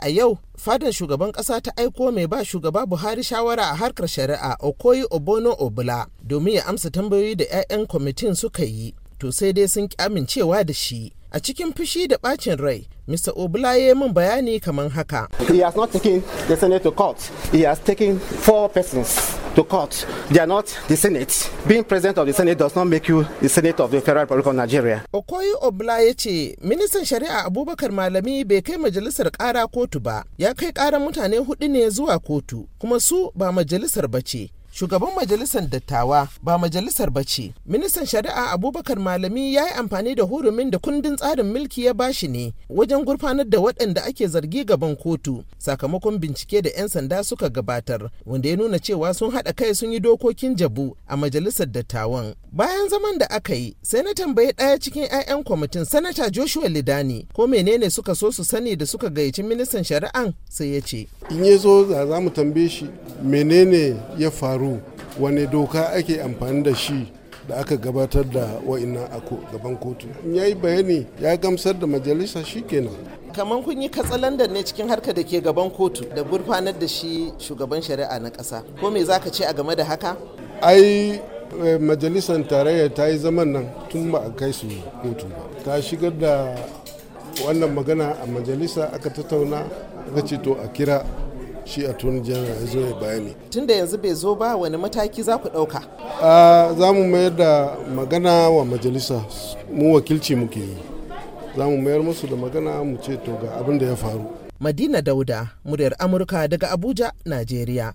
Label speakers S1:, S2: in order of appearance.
S1: a yau fadar shugaban kasa ta aiko mai ba shugaba buhari shawara a harkar shari'a okoyi obono obula domin ya amsa tambayoyi da 'ya'yan kwamitin suka yi to sai dai sun amincewa da shi a cikin fushi da bacin rai mr obula ya yi min bayani kamar haka
S2: he has not taken the senate to court he has taken four persons to court. They are not the Senate. Being president of the Senate does not make you the Senate of the Federal Republic of Nigeria.
S1: Okoye Obla ya ce ministan shari'a Abubakar Malami bai kai majalisar ƙara kotu ba, ya kai ƙaran mutane hudu ne zuwa kotu, kuma su ba majalisar ba ce. shugaban majalisar dattawa ba majalisar ba ce ministan shari'a abubakar malami ya yi amfani da hurumin da kundin tsarin mulki ya bashi ne wajen gurfanar da waɗanda ake zargi gaban kotu sakamakon bincike da 'yan sanda suka gabatar wanda ya nuna cewa sun haɗa kai sun yi dokokin jabu a majalisar dattawan bayan zaman da aka yi sai na tambayi ɗaya cikin 'ya'yan kwamitin sanata joshua lidani ko menene suka so su sani da suka gayyaci ministan
S3: shari'an sai ya ce in ya zo za mu tambaye shi menene ya faru wane doka ake amfani da shi da aka gabatar da wa'ina a gaban kotu in ya yi bayani ya gamsar da majalisa shi kenan
S1: kamar kun yi katsalandan ne cikin harka da ke gaban kotu da gurfanar da shi shugaban shari'a na kasa ko me za ka ce a game da haka
S3: ai eh, majalisar tarayya ta yi zaman nan tun ba a kai su kotu ta shigar da wannan magana a majalisa aka tattauna aka ce to a kira shi a tuni jana ya zo ya bayani tun da yanzu bai zo ba wani
S1: mataki za ku ɗauka
S3: za mu mayar da magana wa majalisa mu wakilci muke yi za mu mayar musu da magana mu ce to ga abin da ya faru madina
S1: dauda muryar amurka daga abuja najeriya